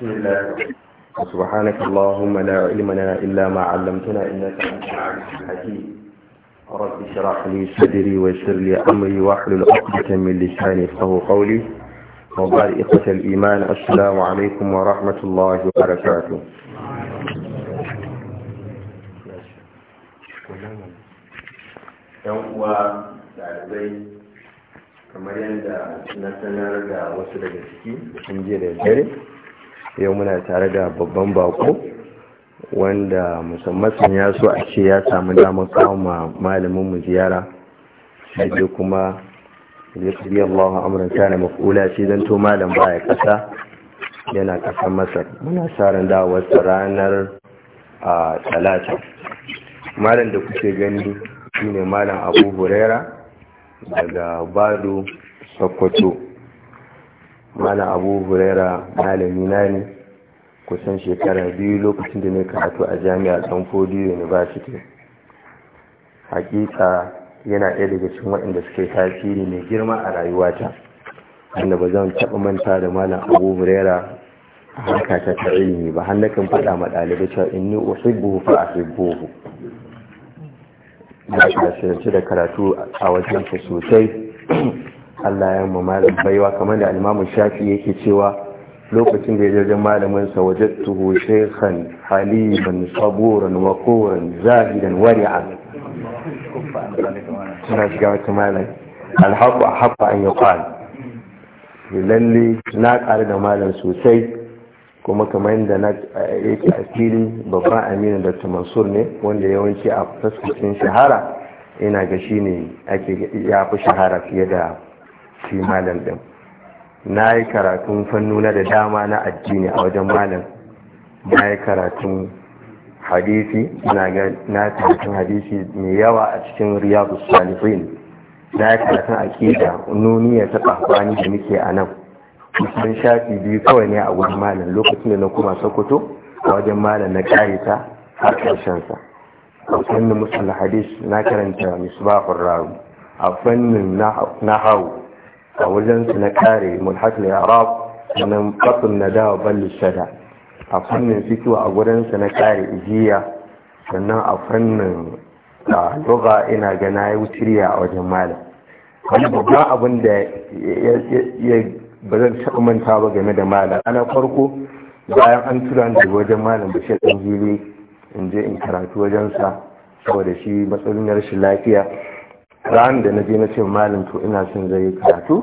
بسم الله سبحانك اللهم لا علم لنا إلا ما علمتنا إنك أنت العليم الحكيم رب اشرح لي صدري ويسر لي أمري واحلل عقدة من لساني يفقه قولي وبعد إخوة الإيمان السلام عليكم ورحمة الله وبركاته yan uwa ɗalibai kamar yadda na sanar da wasu daga ciki sun je da dare yau muna tare da babban bako wanda musamman ya so a ce ya samu damar kawo ma malamin mu ziyara sai kuma ya Allah Allahu amran kana maf'ula shi dan to malam baya kasa yana kasar Masar muna sa da wasu ranar a talata malam da kuke gani shine malam Abu Huraira daga Bado Sokoto malam abu huraira malami na ne kusan shekara biyu lokacin da ne karatu a jami'ar stanford university hakika yana ɗaya daga cikin waɗanda suka yi tasiri mai girma a rayuwata wanda ba zan taɓa manta da malam abu huraira a harka ta ta ilimi ba har nakan faɗa ma ɗalibai cewa in ni uhibbuhu fa a ahibbuhu na shi da karatu a wajen sosai Allah ya mu malam baiwa kamar da Imam Shafi yake cewa lokacin da ya jirgin malamin sa wajadtuhu shaykhan haliban saburan waquran zahidan wari'an suna shiga wata malam a an lalle na ƙari da malam sosai kuma kamar yadda na eh, yake a fili babban aminu da tumansur ne wanda yawanci a fuskacin shahara ina ga shi ne ake ya fi shahara fiye da shi malam ɗin na yi karatun fannuna da dama na addini a wajen malam na yi karatun hadisi na karatun hadisi mai yawa a cikin riyadu salihin na yi karatun akida nuniya ta tsafani da muke a nan kusan shafi biyu kawai ne a wajen malam lokacin da na kuma sokoto a wajen malam na karita har karshensa a fannin musul hadis na karanta misbahun ba a fannin na hau. a wajen su na kare mulhaqul i'rab sannan fatul na bal shada a fannin fiqh a gurin na kare ijiya sannan a fannin a lugha ina gana ya a wajen malam wani babban abin da ya ba zan taɓa manta ba game da malam ana farko bayan an tura da wajen malam shi ɗan hili in je in karatu wajensa saboda shi matsalin rashin lafiya ran da na je na ce malam to ina son zai karatu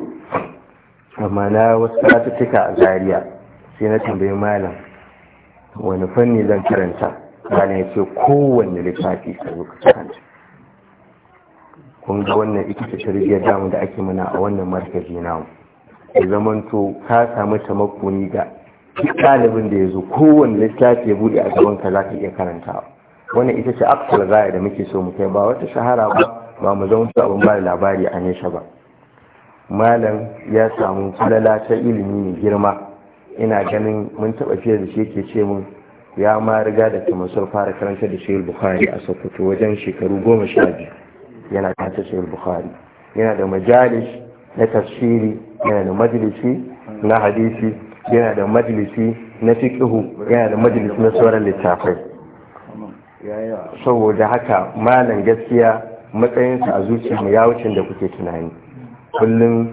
amma na wasu karatuttuka a Zariya, sai na tambayi malam wani fanni zan karanta malam ya ce kowanne littafi a zo karanta kun ga wannan ita ce tarbiyyar damu da ake mana a wannan markazi namu ya to ka samu tamakoni ga ɗalibin da ya zo kowane littafi ya bude a gaban ka za ka iya karantawa wannan ita ce aksal gaya da muke so mu kai ba wata shahara ba ba mu zaunci abin ba labari a nesa ba malam ya samu falala ta ilimi mai girma ina ganin mun taɓa fiye da shi ke ce mun ya ma riga da tamasar fara karanta da shayar bukhari a sokoto wajen shekaru goma sha biyu yana karanta shayar bukhari yana da majalis na tafsiri yana da majalisi na hadisi yana da majalisi na fiƙihu yana da majalisi na sauran littafai saboda haka malam gaskiya matsayinsa a zuciya mu ya wuce da kuke tunani kullum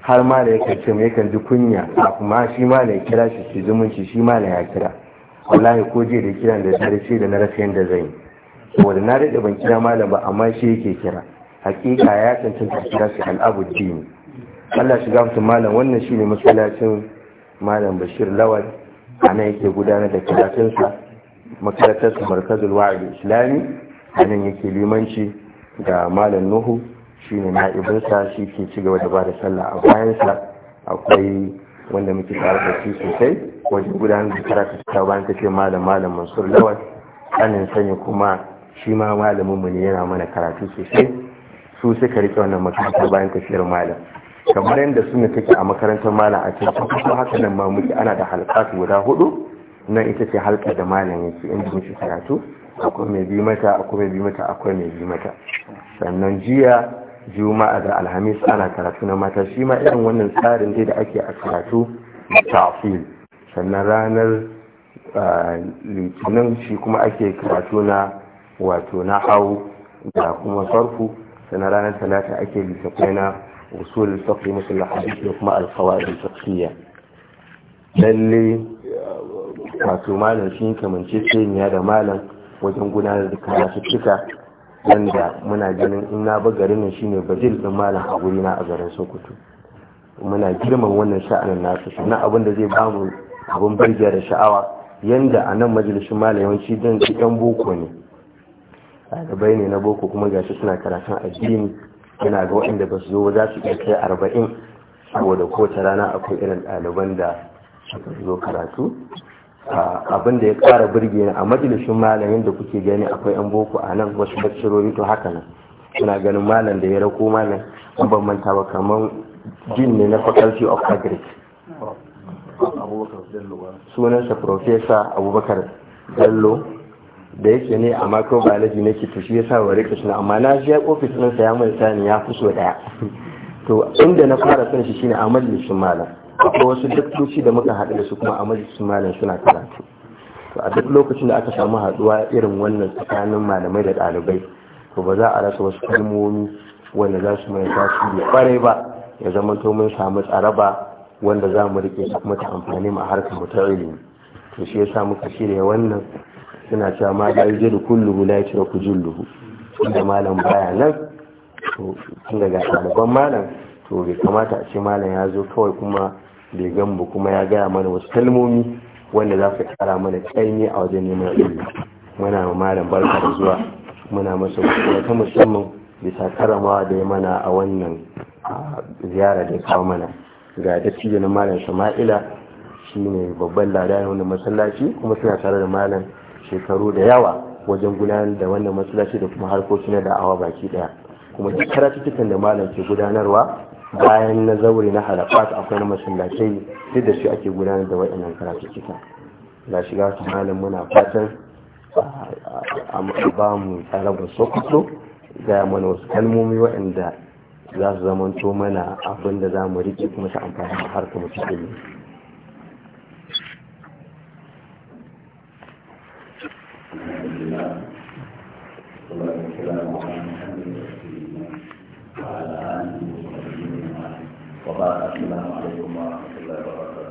har ma da yakan ce mai kan ji kunya a kuma shi ma da ya kira shi shi zumunci shi ma da ya kira wallahi ko jiya da kiran da ya ce da na rasa yadda zan yi saboda na daɗe ban kira malam ba amma shi yake kira hakika ya cancanta kira shi al'abu dini Allah shiga mutum malam wannan shi shine masallacin malam Bashir Lawal ana yake gudanar da karatunsa makarantarsa markazul wa'id islami anan yake limanci ga malam nuhu shi ne na'ibinsa shi ke ci gaba da ba da sallah a bayansa akwai wanda muke tare da shi sosai wajen gudanar da karatu ta bayan ta ce malam malam mansur lawal kanin sanya kuma shi ma malamin mu ne yana mana karatu sosai su suka rike wannan makaranta bayan tafiyar malam kamar yadda suna take a makarantar malam a cikin kuma haka nan ma muke ana da halka guda hudu nan ita ce halka da malam yake inda muke karatu akwai mai bi mata akwai mai bi mata akwai mai bi mata sannan jiya juma'a da alhamis ana karatu na mata shi ma irin wannan tsarin dai da ake a karatu tafil sannan ranar litinin shi kuma ake karatu na wato na hau da kuma sarfu sannan ranar talata ake litafai na usul safi musul hadisi da kuma alfawa da safiya lalle wato malam shi kamance sai ya da malam wajen gudanar da karatuttuka wanda muna ganin in ba garin nan shine bajil din malam a na a garin Sokoto muna girman wannan sha'anin nasu na abin da zai ba mu abin birgiya da sha'awa yanda a nan majalisun malam yawanci dan ɗan boko ne ɗalibai ne na boko kuma gashi suna karatun addini yana ga waɗanda ba su zo za su iya kai arba'in saboda kowace rana akwai irin ɗaliban da suka zo karatu abin da ya ƙara birge ni a majalisun malamin da kuke gani akwai yan boko a nan wasu bacirori to haka nan suna ganin malam da ya rako malam an ban manta ba kamar jin ne na faculty of agric sunansa professor abubakar bello da yake ne a microbiology na ke tushe ya sa wa rika suna amma na je ofis ɗinsa ya mai sani ya fi so ɗaya to inda na fara son shi shine a majalisun malam akwai wasu daktoci da muka haɗu da su kuma a majalisun malam suna karatu to a duk lokacin da aka samu haɗuwa irin wannan tsakanin malamai da ɗalibai to ba za a rasa wasu kalmomi wanda za su mai tasiri ƙwarai ba ya zama to mun samu tsaraba wanda za mu rike su kuma ta amfani mu a harkar mu ta ilimi to shi yasa muka shirya wannan suna cewa ma da yaje da kulluhu la ku kujulluhu inda malam baya nan to tun daga ɗaliban malam so bai kamata a ce malam ya zo kawai kuma bai gan gamba kuma ya gaya mana wasu kalmomi wanda za su kara mana tsayi a wajen neman ilimi muna ma malam barka da zuwa muna masa kuma ta musamman bisa karamawa da ya mana a wannan ziyara da ya kawo mana ga dattijo na malam sama'ila shine babban lada na masallaci kuma suna tare da malam shekaru da yawa wajen gudanar da wannan masallaci da kuma harkoki na da'awa baki daya kuma duk karatuttukan da malam ke gudanarwa bayan na zaure na halafat akwai na masallacai duk da shi ake gudanar da waɗannan karatu cikin ga shiga su malam muna fatan a ba mu tsarabar sokoto ga mana wasu kalmomi waɗanda za su zamanto mana abin da za mu rike kuma su amfani a harkar mutum وبعد السلام عليكم ورحمة الله وبركاته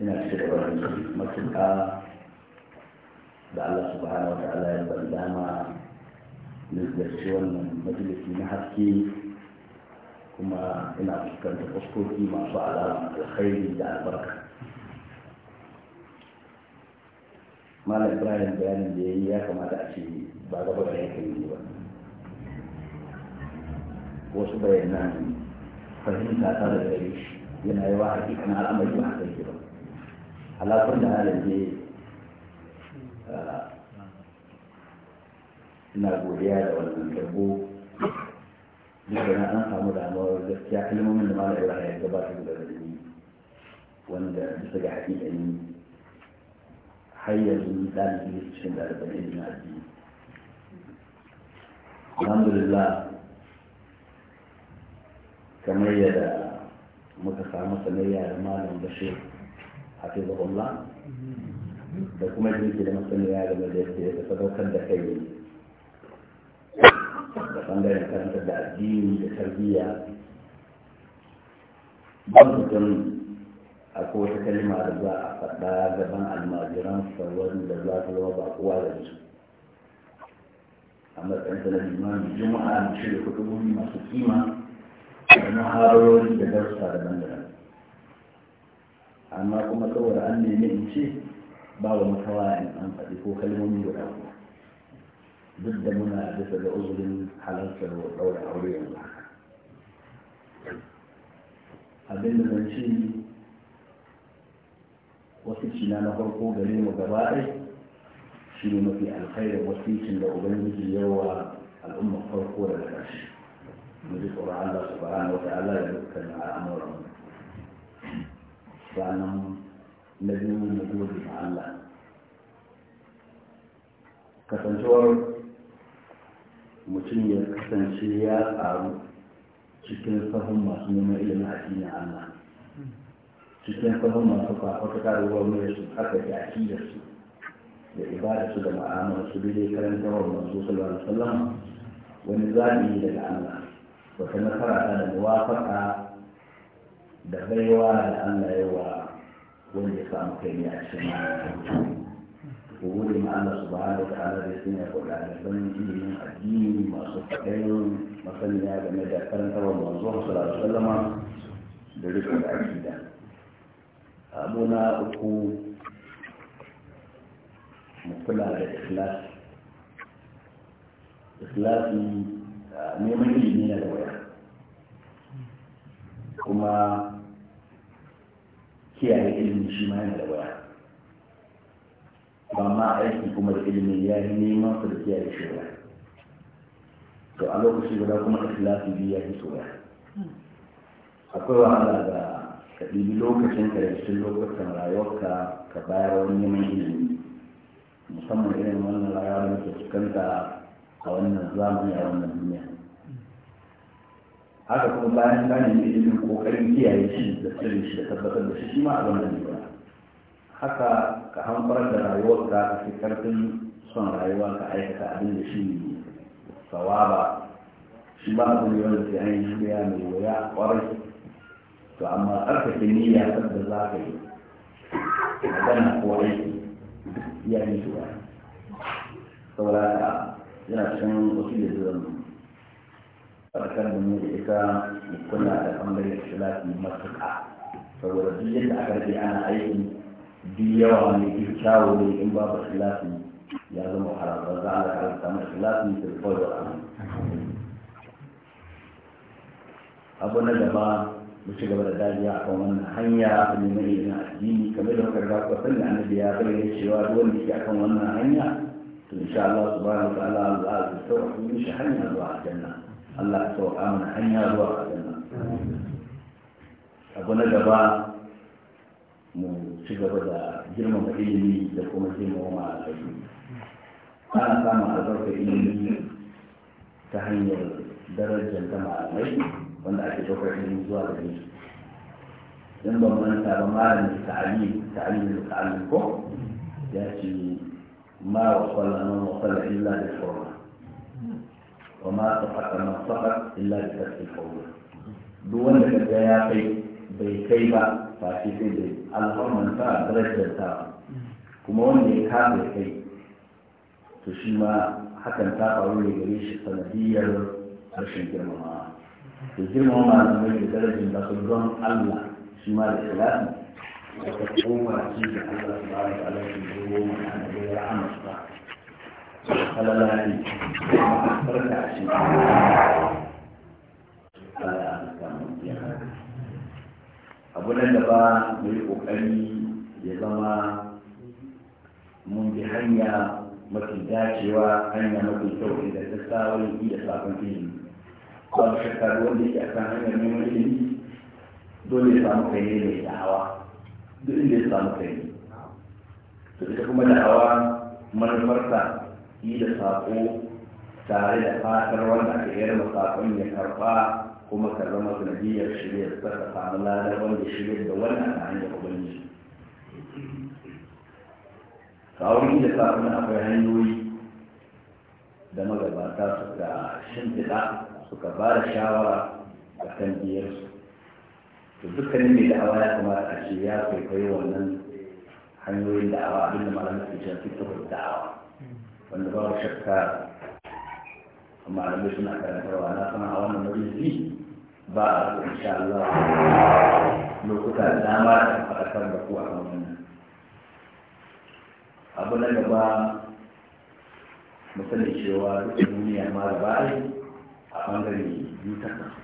ina cewa matuƙa da Allah subhanahu wa ta'ala ya ban dama na ziyarci wannan majalisi na haske kuma ina fuskantar fuskoki masu alama alkhairi da albarka malam ibrahim bayanin da ya yi ya kamata a ce ba gaba da yake yi ba wasu bayanan fahimta ta da shi yana yawa hakikan al'amari ba haka yake ba halafin da halin ne ina godiya da wannan dabbo duk da an samu damuwar gaskiya kalmomin da malam ibrahim ya gabatar da gare wanda bisa ga hakikani har yanzu ɗalibi cikin ɗaliban ilimin addini alhamdulillah kamar yadda muka samu sanayya da malam bashir hafizahullah da kuma jinki da masaniya game da yadda ya sadaukar da kai da ɓangaren karantar da addini da tarbiyya ban mutum akwai wata kalma da za a faɗa gaban almajiran sauran da za ta zama ba kowa da su a matsayin da limani juma'a shi da kudurori masu kima da maharori da darsa daban daban amma kuma saboda an nemi in ce ba wa makawa in an faɗi ko kalmomi guda duk da muna bisa ga uzurin halartar ɗaura aure yanzu haka abin da zan ce وسيسنا نفرقو دليل وبرائه شنو في الخير وسيسنا وبنج يوى الأمة فرقو للعرش نزيد قرآن الله سبحانه وتعالى يذكر مع أمور أمور فأنا نجو نجوز مع الله كتنشور mutum ya kasance ya tsaru cikin fahimma su nema ilimin addinin Allah cikin sahun masu fafatakar ruwan su haka da akidarsu da ibadarsu da ma'amalarsu daidai karantarwar manzo sallallahu alaihi wasallam wani zaɓi daga Allah wata nasara ta da muwafaka da baiwa da Allah yawa wanda ya samu kai ne a cikin ko gode ma Allah subhanahu wa ta'ala da sun yabo da ɗaliban ilimin addini masu faɗin masaniya game da karantarwar manzo sallallahu alaihi wasallam da rikon da akida abu na uku mu kula da ikhlasi ikhlasi neman ilimi na da waya kuma kiyaye ilimi shi ma yana da waya ba ma aiki kuma da ilimi ya yi neman su da kiyaye shi waya to a lokaci guda kuma ikhlasi biyu ya fi soya hmm. akwai wahala ga ka ɗibi lokacin ka da cikin lokacin rayuwarka ka bayar wani neman ilimi musamman irin wannan rayuwar da ke fuskanta a wannan zamani a wannan duniya haka kuma bayan gane ilimin kokarin kiyaye shi da tsirin shi da tabbatar da shi shi ma a wannan ne haka ka hankwar da rayuwarka a cikin karfin son rayuwa ka aikata abin da shi ne sawaba shi ba a da wanda sai an yi shirya mai wuya kwarai to amma tsarkake niyya da za ka yi magana ko aiki duk iya yin shi ba saboda yana cikin wasu da zuwa farkar da mu da ita kula da ɓangaren shilafi matuƙa saboda duk yadda aka rage ana aiki duk yawa ne duk kyawu ne in babu shilafi ya zama haram ba za a karanta mai shilafi da kawai da abu na gaba ku ci gaba da dariya a kan wannan hanya ne mai yin addini kamar da muka gaba sani annabi ya bayyana cewa duk wanda yake akan wannan hanya to insha Allah subhanahu wa ta'ala Allah zai sauka mishi hanya zuwa aljanna Allah ya sauka mana hanya zuwa aljanna abu na gaba mu ci gaba da girmama ilimi da kuma girmama al'adu ana samun albarkar ilimi ta hanyar darajar da malamai wanda ake ɗaukar ilimi zuwa gare shi dan ban manta ba malam ta'ali ta'ali da ta'ali ko ya ce ma wa sallama wa sallama illa da shawara wa ma tafaqa ma tafaqa illa da tasfi qawla duk wanda kaga ya kai bai kai ba ba shi sai da alhamman ta darajar ta kuma wanda ya kafa kai to shi ma hakan ta faru ne gare shi sanadiyar rashin girmamawa da girma malamai da darajin da su don Allah shi ma da ikhlasi da ta koma ci da Allah subhanahu wa ta'ala shi da goma da ya rahama su ba halalani ma barka shi abu nan da ba mu kokari ya zama mun bi hanya mafi dacewa hanya mafi kyau da ta sa wani iya sabon ilimi ba shekaru wanda ke a hanyar neman ilimi dole ya samu kai ne mai da'awa duk inda ya samu kai ne to ita kuma da'awa manufarta yi da sako tare da fatar wanda ake yi da sakon ya karɓa kuma ka zama biyar shirya ta ka samu ladar wanda shirya da wannan a hanyar ubangiji kawon yi da saƙon akwai hanyoyi da magabata su ga shimfiɗa suka ba da shawara a kan biyarsu to dukkanin mai da'awa ya kamata a ce ya kwaikwayo wannan hanyoyin da'awa abin da malamai ke cewa fitowar da'awa wanda babu shakka malamai suna karantarwa na sana a wannan majalisi ba a su insha Allah lokuta da dama da faɗakar da ku a kan wannan abu na gaba mu sani cewa duk duniya ma da ba'a a bangare biyu ta kasu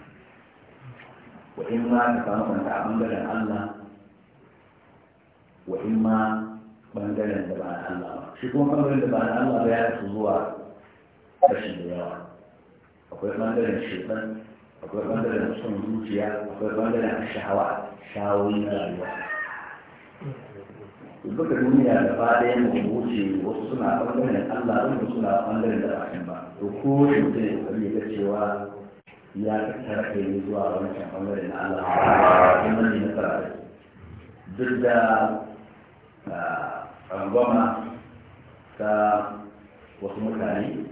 wa in ma ka samu kanta a bangaren Allah wa in ma bangaren da ba Allah ba shi kuma bangaren da ba Allah ba ya kasu zuwa rashin da yawa akwai bangaren shekar akwai bangaren son zuciya akwai bangaren shahawa shawoyi na rayuwa duka duniya da ba da yamma wuce wasu suna bangaren Allah wasu suna bangaren da ba ba to ko mutum ya sani ga cewa ya tattara kai zuwa wancan bangare na Allah kuma ne na fara duk da ah, rangwama ta wasu mutane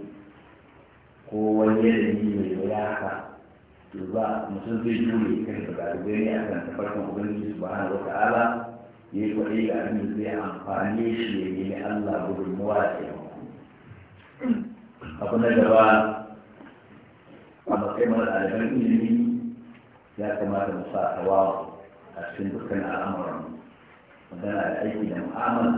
ko wani yanayi mai wuya haka to ba mutum zai jure kan da galibai ne a kan tafarkan ubangiji subhanahu wa ta'ala ya yi kwaɗe ga abin da zai amfane shi ya nemi Allah gudunmuwa da yamma abu na gaba a matsayin mana ɗaliban ilimi ya kamata mu sa tawa a cikin dukkan al'amuran magana da aiki da mu'amala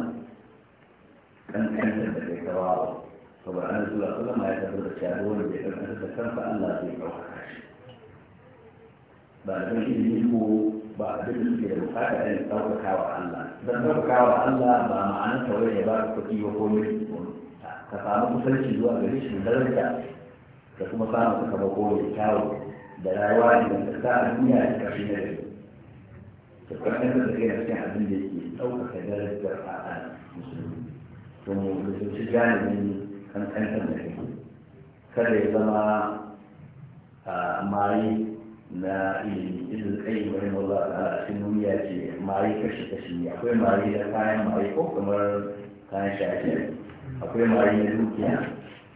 kankantar da kai tawa saboda an zuwa ulama ya tabbata da cewa wanda bai kankantar da kansa Allah zai ɗaukaka shi ɗaliban ilimi ko ba a duk suke da bukata ɗin ɗaukaka wa Allah don ɗaukaka wa Allah ba ma'anar tawaye ba kuɗi ba komai ka samu kusanci zuwa gare shi daraja ka kuma samun sakamako mai kyawu da rayuwa da ta sa a duniya da ƙarfi da rai to kwanan da take da cikin abin da yake ɗaukaka darajar a musulmi to mu kusanci janibin kankantar da kai kada ya zama mayi na ilimi ilil kai wani mawa a cikin duniya ce mayi kashe kashi akwai mayi da kayan mayi ko kamar kayan shafi akwai marayu da dukiya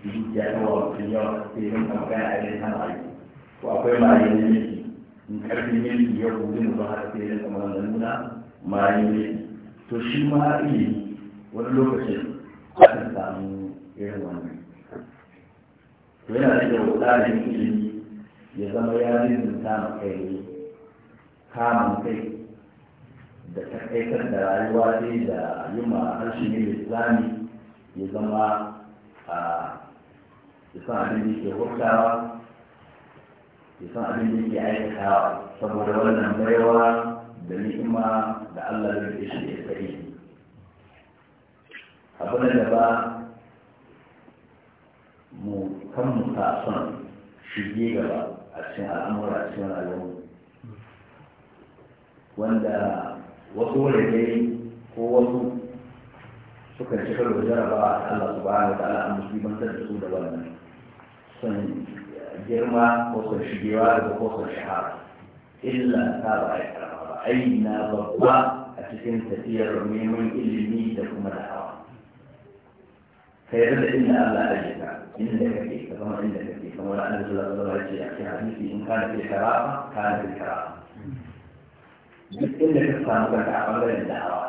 dukiya ta wa mutum yawa sai yin magana a yin hana aiki ko akwai marayu da miki in ne miki ya kuzi mu ba har sai yin kamar da nuna marayu miki to shi ma ilimi wani lokacin kan samu irin wannan to yana da kyau ɗalibin ilimi ya zama ya ta ma kai ne kamun kai da takaitar da rayuwa dai da yi ma harshen islami ya zama a ya san abin da ke hutawa ya san abin da ke aikatawa saboda wannan baiwa da ni'ima da Allah zai fi shi ya sai abin da ba mu kan mu ta son shige gaba a cikin al'amura a cikin al'amura wanda wasu wurare ko wasu suka ci karo da jarabawa Allah subhanahu wa ta'ala a musulmantar da su da wannan son girma ko son shigewa da ko son shahara illa ta ba ya karama ba aina babba a cikin tafiyar neman ilimi da kuma da hawa kai da inda Allah ya jika inda kake ka zama inda kake kamar da Allah sallallahu alaihi wasallam ya ce a hadisi in kana fi karama kana fi karama duk inda ka samu kanka a bangaren da hawa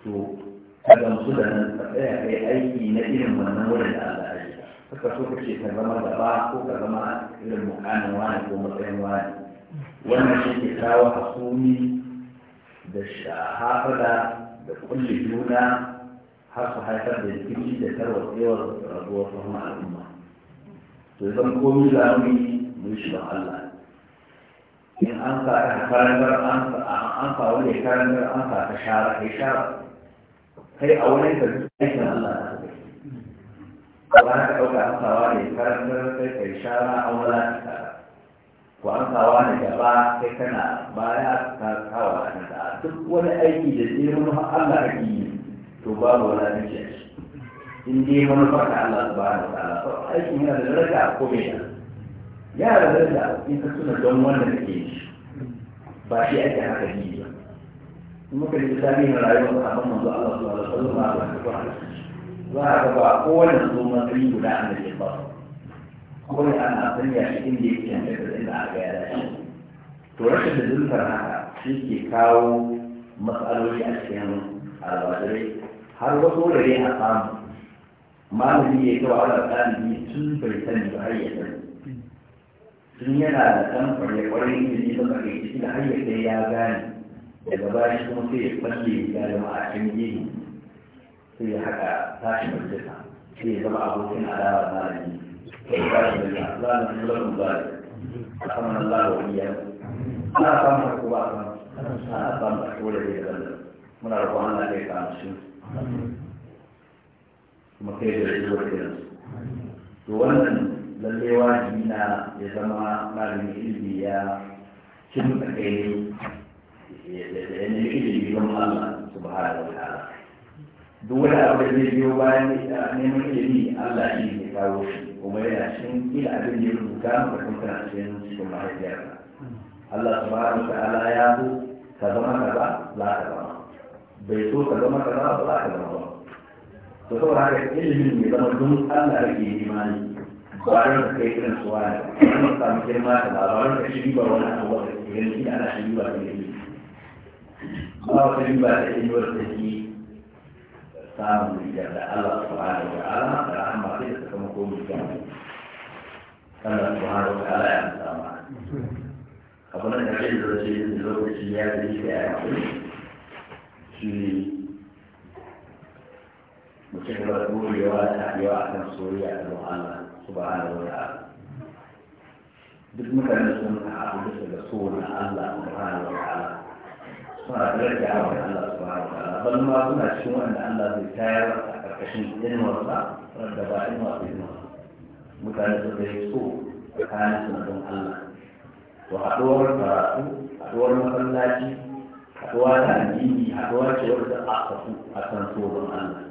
to هذا مقصود أن في أي نتيجة منور الأعلى suka so kace ka zama gaba ko ka zama irin mukamin wani ko matsayin wani wannan shi ke kawo hasumi da shahada da kulle juna har su haifar da rikici da tarwatsewar raguwar fahimar al'umma to zan komi za mu yi mu shi don Allah in an sa ka karantar an sa wani karantar an sa ka shara kai shara kai a wani ka duk aikin Allah a ba ka ɗauka sawa ne karantar sai kai shara a wala ta ko sawa ne gaba sai kana baya ta kawo a duk wani aiki da tsirin Allah a yi to mu wala ta ce in dai wani farka Allah ba wa ta'ala to aikin yana da daraja ko me ya da daraja in ka tuna don wanda kake shi ba shi ake haka yi muka yi tsami na rayuwar sahabban manzo Allah sallallahu alaihi wasallam za a ga ba kowane zo matsayi guda an da ba kowane ana sanya shi inda yake yanke da inda aka yada shi to rashin da zulfar haka shi ke kawo matsaloli a cikin albajirai har wasu wurare a samu malami ya ga wa'ala ɗalibi tun bai sani ba har ya sani tun yana da ɗan kwarekwarin ilimi ba ka yi cikin har ya ya gane daga bayan kuma sai ya kwanke ya zama a cikin gini sai ya haka tashi majalisa sai ya zama abokin adawa na rani sai ya tashi majalisa za a zama lafin zari a saman Allah wa iya ana samun da kuma ana samun da kuma da ya zama muna da kuma da ya kama shi kuma kai da shi wa kiran to wannan lallewa na ya zama malamin ilimi ya cin kai wanda zai biyo bayan ah, neman ilimi Allah shi ne kawo shi kuma yana cikin kila abin da ya da kuma tana cikin cikin Allah subhanahu wa ta'ala ya so ka zama ba za ka zama bai so ka zama kaza ba za ka ba to saboda haka ilimin ne zama Allah da imani bayan ka kai suwa ne kuma samu girma da ka shi ba wani abu ke ana shi ba ta ilimi ba riba da ilimi wata samun da Allah subhanahu wa ta'ala da rahama sai da kuma komai jami'i Allah subhanahu wa ta'ala ya samu abu na kare da zai yi lokaci ya yi da ya yi shi mutum da gorewa ta yawa a kan soyayya da Allah subhanahu wa ta'ala duk mutane sun ta abu da so na Allah subhanahu wa ta'ala suna da rage Allah bal ma suna cikin wanda Allah zai tayar a ƙarƙashin inuwarsa wadda ba inuwa ta inuwa mutane su da so tsakanin su na don Allah to haɗuwar karatu haɗuwar masallaci haɗuwa da addini haɗuwa ce wadda a kafu a kan so don Allah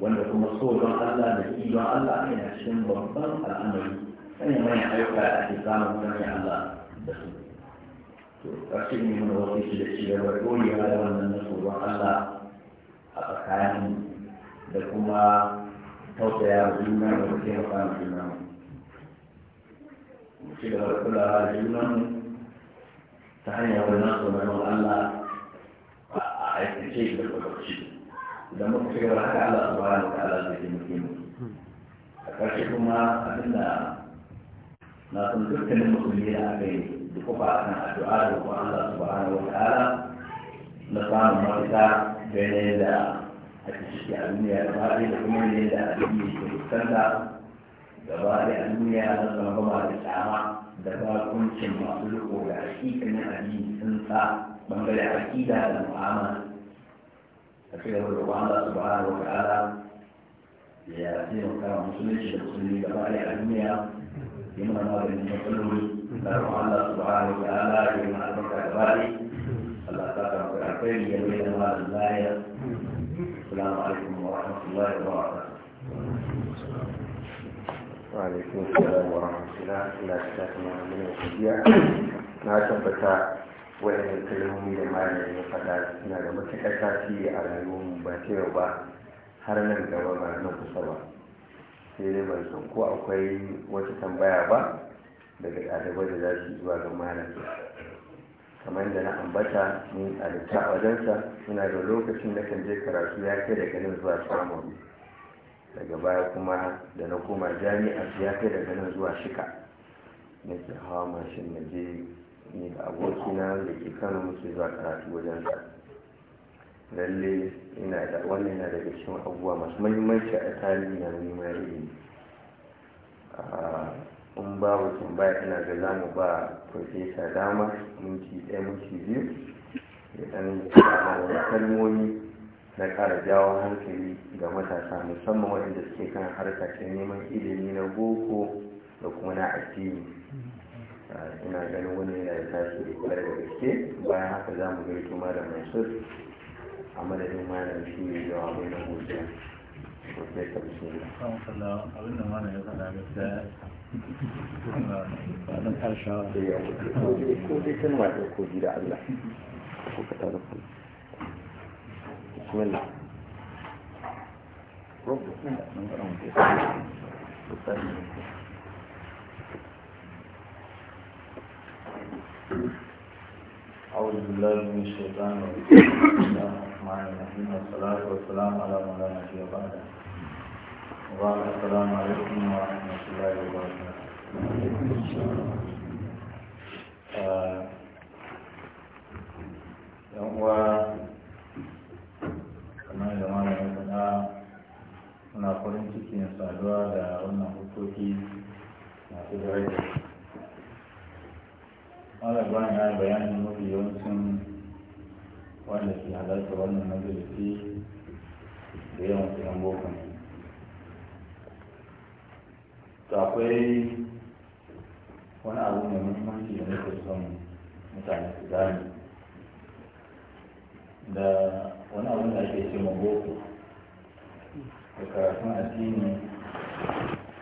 wanda kuma so don Allah da ki don Allah yana cikin babban al'amari sanya manyan ayyuka da ake samun sanya Allah da su ƙarshen yin wasu shi da shi da dole ya da wannan na tsoron Allah a tsakani da kuma tausaya da juna da kuma taimaka ma juna mu ci gaba da kulawa da juna mu ta hanyar wannan tsoron Allah a aikace da kwakwaci idan muka ci gaba haka Allah subhanahu wa ta'ala zai taimake mu a ƙarshe kuma abinda na san dukkanin musulmi da aka yi dukufa a kan addu'a da kuma Allah subhanahu wa ta'ala na samun mafita gane da ake ciki a duniya da ba da kuma ne da addini ke fuskanta gaba da a duniya na zama ba da tsama da bakuncin masu riko da hakikanin addini sun sa bangare akida da mu'amala a cikin rubutu Allah subhanahu wa ta'ala ya taimaka musulunci da musulmi gaba da a duniya يمنى السلام عليكم ورحمة الله وبركاته وعليكم السلام ورحمة الله لا تشاكنا من الوصية na tabbata waɗannan kalmomi da malamin ya faɗa suna da matuƙar tasiri a rayuwarmu ba ta yau ba sai dai ban ko akwai wata tambaya ba daga ɗalibai da za su zuwa ga malam kamar da na ambata ni a litta wajensa suna da lokacin da kan je karatu ya kai daga nan zuwa samun daga baya kuma da na koma jami'a ya kai daga nan zuwa shika na ke hawa mashin na je ni da abokina da ke kano muke zuwa karatu wajensa lalle ina da wannan yana daga cikin abubuwa masu mahimmanci a tarihi na neman ilimi ah, in babu tambaya ina ga za mu ba profesa dama minti ɗaya minti biyu ya ɗan kama wani kalmomi na ƙara jawo hankali ga matasa musamman waɗanda suke kan harka ta neman ilimi na boko da kuma na addini ah, ina ganin wani yana da tasiri kwarai da gaske bayan haka za mu gaito malam mansur amadadin malam shi ne jawabai na gobe sai ka bismillah Allah abin da malam ya faɗa gaskiya ranar harsha da ya wuce ko dai kalma ta ko gida Allah ko ka tare ku bismillah ربنا من قرآن أعوذ بالله من الشيطان الرجيم الرحمن الرحيم والصلاة والسلام على مولانا في وبعد وبعد السلام عليكم ورحمة الله وبركاته uwa kamar malamin faɗa muna farin cikin saduwa da wannan hukoki masu daraja ya bayani yawancin wanda ke halarta wannan majalisi da yawan tsiran yan bokan to akwai wani abu mai muhimmanci da nake son mutane su gane da wani abu da ake ce ma boko da karatun addini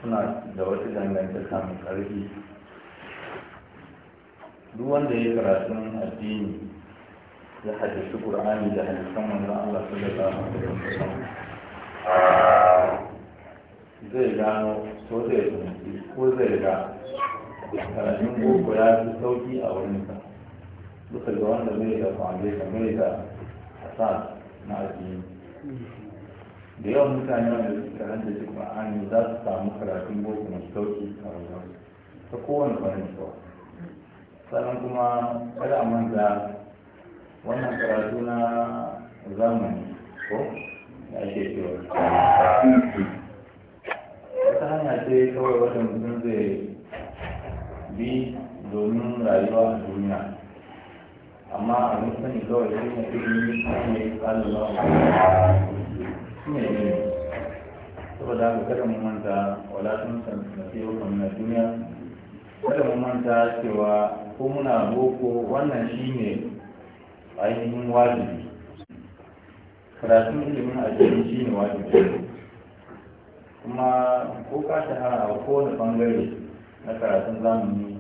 suna da wata dangantaka mai ƙarfi duk wanda ya karatun addini ya haddace Qur'ani da hadisan manzon Allah sallallahu alaihi wasallam ah, zai gano ko zai fahimci ko zai ga karatun boko ya fi sauki a wurinsa duka ga wanda zai da foundation mai da asas na addini da yawan mutane wanda suka haddace Qur'ani za su samu karatun boko mai sauki a wajen ta kowane fahimtawa sannan kuma kada a manta wannan karatu na zamani ko da ake cewa wata hanya ce kawai wata mutum zai bi domin rayuwa a duniya amma a sani kawai shi ne ilimi shi ne kallon shi ne ilimi saboda haka kada mu manta wala tun san yau kan na duniya kada mu manta cewa ko muna boko wannan shi ne ainihin wajibi karatun ilimin addini shi ne wajibi kuma ko ka shahara a kowane bangare na karatun zamani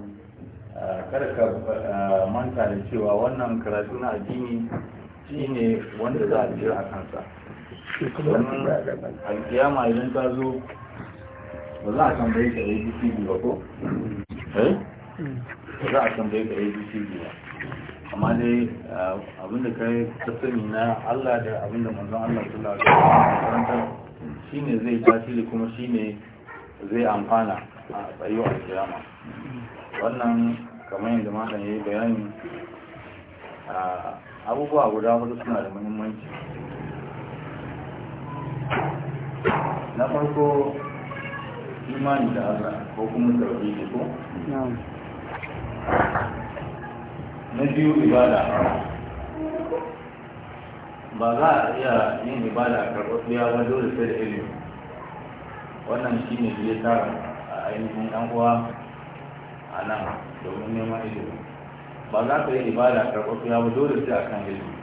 kada ka manta da cewa wannan karatu na addini shi ne wanda za a jira a kansa alkiyama idan ta zo ba za a tambaye ka abcd ba ko? eh? ba za a tambaye ka abcd ba amma dai eh, abinda kai ka sani na Allah da abinda manzon Allah sallallahu alaihi wasallam shine zai tasiri kuma shine zai amfana a tsayo a kiyama wannan kamar yadda malam yayi bayani eh, abubuwa guda hudu suna da muhimmanci na farko imani da Allah ko kuma tauhidi ko na biyu ibada ba za a iya yin ibada a karɓaɓɓiya ba dole sai da ilimi wannan shi ne ya ta a ainihin ɗan uwa a nan domin neman ilimi ba za ka yi ibada a karɓaɓɓiya ba dole sai a kan ilimi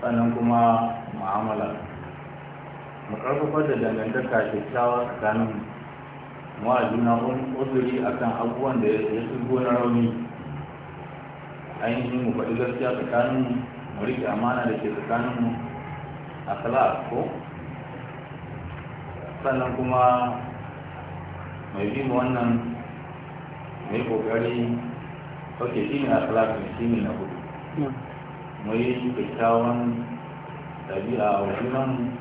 sannan kuma ma'amala mu karfafa da dangantaka kyakkyawa tsakanin mu a juna uzuri akan abubuwan da ya fi gona rauni ainihin mu faɗi gaskiya tsakanin mu riƙe amana da ke tsakanin mu a kala ko sannan kuma mai bi mu wannan mai ƙoƙari ok shi ne akhlaq ne shi ne na hudu mu yi kyakkyawan ɗabi'a a junan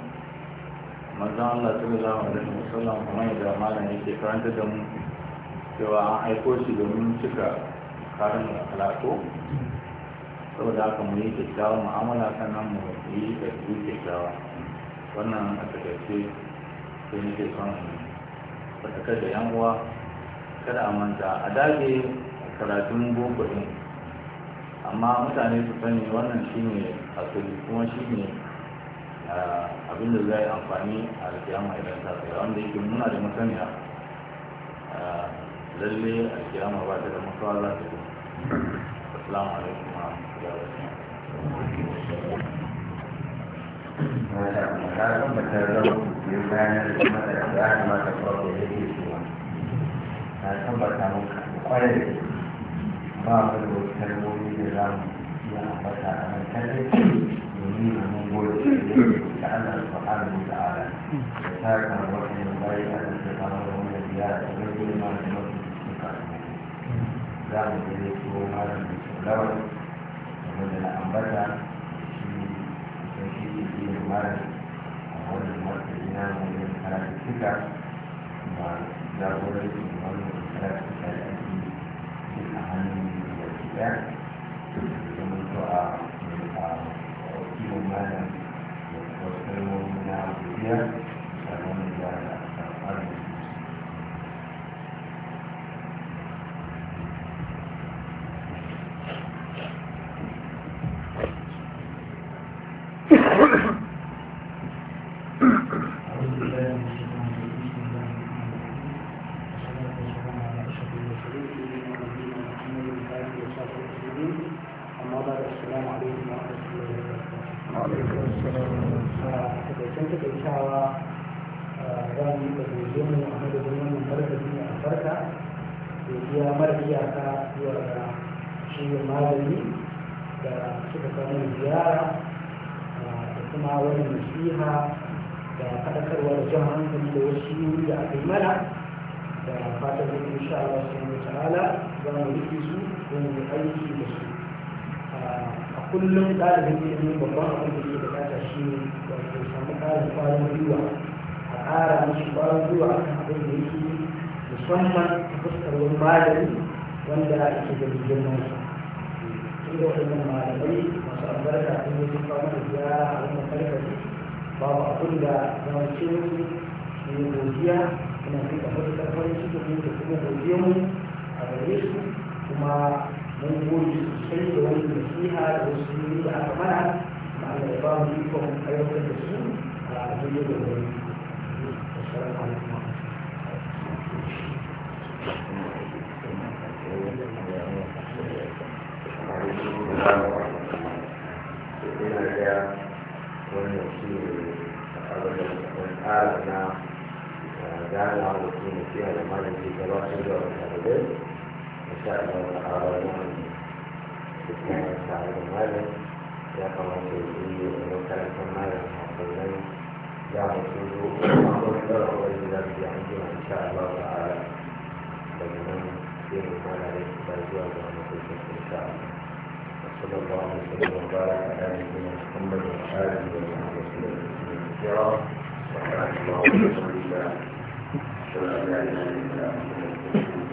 manzan Allah sallallahu alaihi wasallam kamar yadda malam yake karanta da mu cewa an aiko shi domin cika karin mu kalato saboda haka mu yi kyakkyawa mu'amala sannan mu yi da su kyakkyawa wannan a takaice sai nake son fatakar da yan uwa kada a manta a dage karatun boko ɗin amma mutane su sani wannan shine asali kuma shine abinda za yi amfani a rikiyama idan ta tsaye wanda yake muna da masaniya lalle a rikiyama ba ta da mutuwa za ta السلام عليكم ورحمة الله وبركاته ba da kalmomi da za mu iya ambata a nan kadai domin a mun gode da Allah subhanahu wa ta'ala da ta da wani girma da za mu je ko malam da su lawar da na ambata shi da shi ke yi da malam a wannan martani na mu da karatu suka ba jagoranci wannan karatu suka da ake yi a hannun da ke da mun to a wakilin malam da wasu kalmomi na godiya sannan da al'adun zan yi da gobe mu a madadin wannan a mai albarka godiya mara iyaka zuwa ga shi malami da suka kawo ziyara da kuma wani nasiha da faɗakarwa da jan hankali da wasu da aka yi mana da fatan da insha Allah subhanahu wa ta'ala za mu rike su don mu aiki da su kullum ɗalibin ilimin babban abin da ke bukata shi ne wato samu ƙarin ƙwarin gwiwa a ƙara mashi ƙwarin gwiwa a kan abin da yake musamman a fuskar wani malami wanda ake da girman sa tun da wani malamai masu albarka sun yi sun fama da ziyara a wannan karfafa babu abin da zama ce musu ne godiya ina fi kamar da farin ciki da kuma godiya mu a gare su kuma mun goyi sosai da wani nasiha da wasu yi da aka mana da Allah ya ba mu ikon aiwatar da su a duniya da wani assalamu ina da na gana da da malamin تعلم العالمين بسم سعيد مالك يا قوم سيدي وكلمة مالك حقيقي يا رسول الله وإلى عندنا إن شاء الله تعالى بينما فيه ما لا يستطيع أن إن شاء الله وصلى الله وسلم وبارك على نبينا محمد وآله وصحبه وسلم كثيرا سبحانك اللهم وبحمدك أشهد أن لا إله إلا أنت